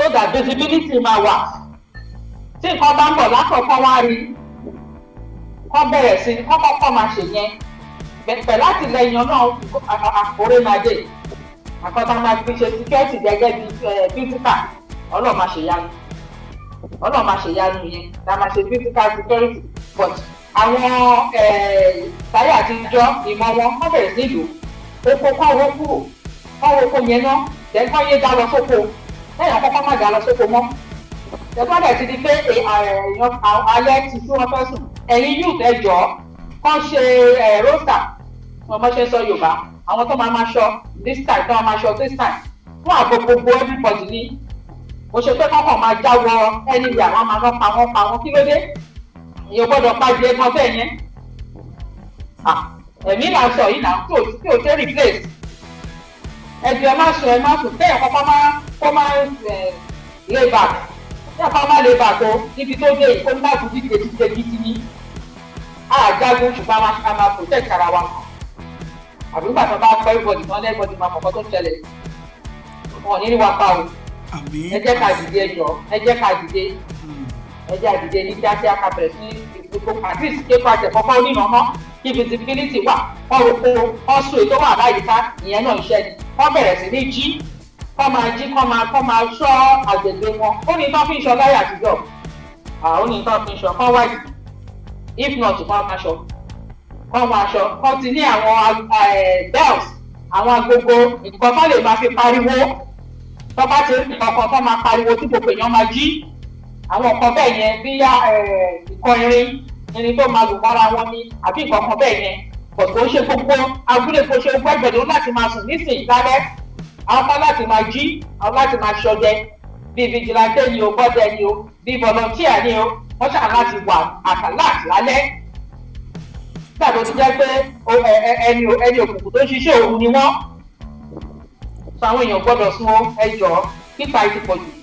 so that visibility máa wà tí nǹkan bá ń bọ̀ lákọ̀ọ́kọ́ wá rí kọ́ bẹ̀rẹ̀ sí kọ́ kọ́kọ́ máa ṣe yẹn pẹ̀pẹ̀ láti lẹ́yìn náà àkórè máa dé àkọ́tà máa fi ṣe tíkẹ́ẹ̀tì gẹ́gẹ́ bí fíjíkà ọlọ́ọ̀ máa ṣe yánu ọlọ́ọ̀ máa ṣe yánu yẹn la máa ṣe fíjíkà tíkẹ́ẹ̀tì but àwọn táyà àtijọ́ ìmọ̀ wọn wọ́n bẹ̀rẹ̀ sí ìlú oko kọ́ owó kúrò kọ́ owó kó yẹn náà dẹ́gbọ́n yé dá lọ sóko lẹ́yìn kọ́kọ́ má dà lọ sóko mọ́ ẹ̀gbọ́n dẹ̀ ti di pé èèyàn alẹ́ ti tí wọ́n fẹ́ sùn ẹ̀yin youth ẹ jọ̀ọ́ kàn ṣe rosta ọmọ ṣe sọ Yorùbá àwọn tó máa ma ṣọ this time tó máa ma ṣọ this time fún àgbo gbogbo everybody ní kò ṣe pé kọ́kọ́ máa jáwọ́ anywhere àwọn máa lọ pa wọ́n pa wọ́n kí ló dé èèyàn gbọ́dọ̀ pa jẹ ẹ̀gbọ́n bẹ́ẹ̀ yẹn ẹ̀mí là ń sọ yìí là ń tó tí ò ṣe replace ẹ̀dùn ẹ̀ má sùn ẹ̀ má sùn bẹ́ẹ̀ kọ́kọ́ máa permanent eh, labour ní àpamọ́ labour tó níbi tó dé yìí kó ní láti díje díje gidi ní àjágun ṣùgbọ́n a máa máa protect ara wa àbí nígbà tó bá pẹ́ everybody tán everybody máa mọ̀kọ́ tó ń ṣẹlẹ̀ wọn ò ní ní wa pa o ẹ jẹ́ ká dìde ẹjọ́ ẹ jẹ́ ká dìde ẹ jẹ́ àdìde hmm. ní kíákíá ká bẹ̀rẹ̀ sí ìdìbò àdìs képa àtẹ̀kọ́kọ́ onínàmọ́ kí visibility wà ọ̀rọ̀ kó ọ̀ṣù ètò wà láyìíká ìyẹn náà iṣẹ́ ni wọ́n bẹ̀rẹ̀ sí ní jí kọ́ máa jí kọ́ máa kọ́ máa ṣọ́ àgbègbè wọn ó ní tán fi ń ṣọ láyé àtijọ́ ó ní tán fi ń ṣọ kọ́ wáyé if not kọ́ máa ṣọ kọ́ máa ṣọ kọ́ ti ní àwọn bells àwọn agogo nǹkan tó lè máa fi pariwo tó bá ti rí nǹkan kan tó máa pariwo tí gbogbo èèyàn máa jí àwọn nǹkan bẹ́ẹ̀ yẹn bíyá ìkọ irin irin tó máa lù mọ́ra wọn ni àbí nǹkan kan bẹ́ẹ̀ yẹn kò tó ṣe gbogbo abúlé kò ṣe gbẹgbẹ̀dọ̀ láti máa sùn nísìnyí lálẹ́ àwọn máa láti máa jí àwọn láti máa ṣọdẹ bíi vigilante ni o bọ́dẹ ni o bíi volunteer ni o wọ́n ṣáà láti wà àkàláàtì lálẹ́ nígbà tó ti jẹ́ pé ẹni ẹni òkùnkùn tó ń ṣiṣẹ́ òru ni wọ́n sọ àwọn èèyàn gbọ́dọ̀ sún ẹjọ́ pípa ìtìpọ̀jù